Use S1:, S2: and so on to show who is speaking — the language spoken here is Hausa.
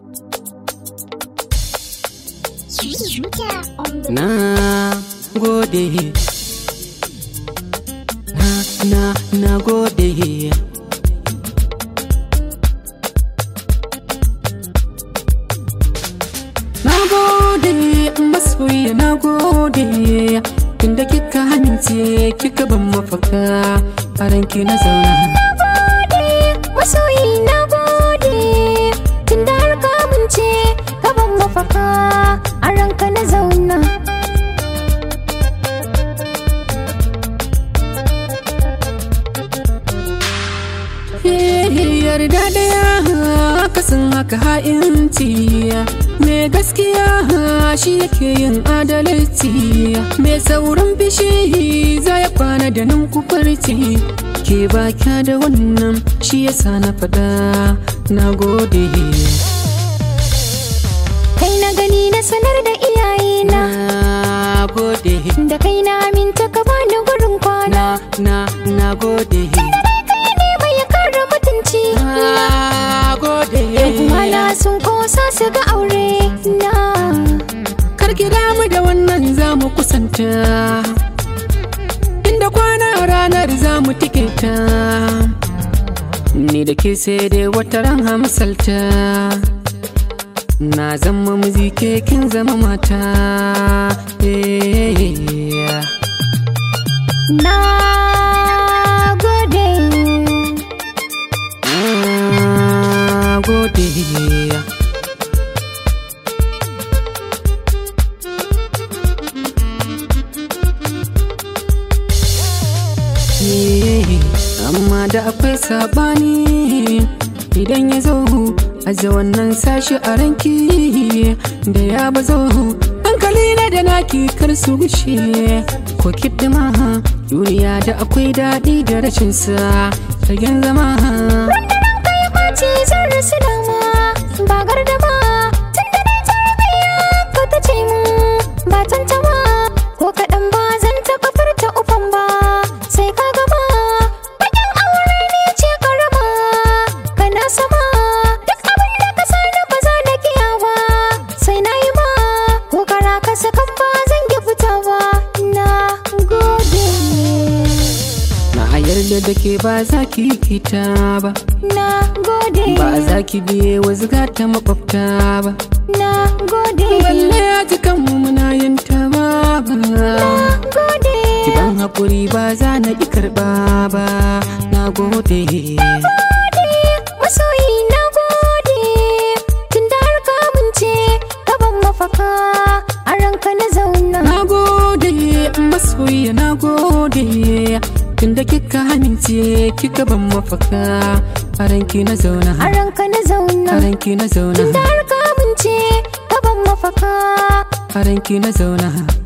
S1: Na
S2: gode Na na na gode Na gode masoyi na gode Tunda kika amince kika ban mafaka Faranki na zauna yarda daya ah, kasan haka ha'inci mai gaskiya ah, shi yake yin adalci mai saurin bishi za ya kwana da nan kufarci ke baka da wannan shi yasa na fada na gode
S1: kai na gani na sanar da iyayena na gode da kai na aminta ka bani gurin kwana na na gode mu da wannan
S2: za mu kusanta inda kwana ranar za mu tiketa ni da ke sai dai wata ran hamsalta na zama muzike kin zama mata
S1: eh, eh, eh, na
S2: amma da akwai sabani idan ya zo aje wannan sashi a ranki da ya ba zo hankali na da naki kar su gushe ko kiddima duniya da akwai daɗi da rashin
S1: sa fagen zama Rundunar kai ɓaci zan rasu dama ba gardama da
S2: ke ba za ki kita ba na gode ba za ki biye wa zuga ta makwabta ba
S1: na gode balle ya
S2: ji kanmu muna yin ta ba na gode ki ban hakuri ba za na ki karba ba na gode na
S1: gode masoyi na gode tun da har mun ce gaban mafaka a ranka na zauna na
S2: gode masoyi na gode tunda kika amince kika ban mafaka aranki na zauna
S1: aranka na zauna aranki
S2: na zauna tunda
S1: har ka amince ka ban mafaka
S2: aranki na zauna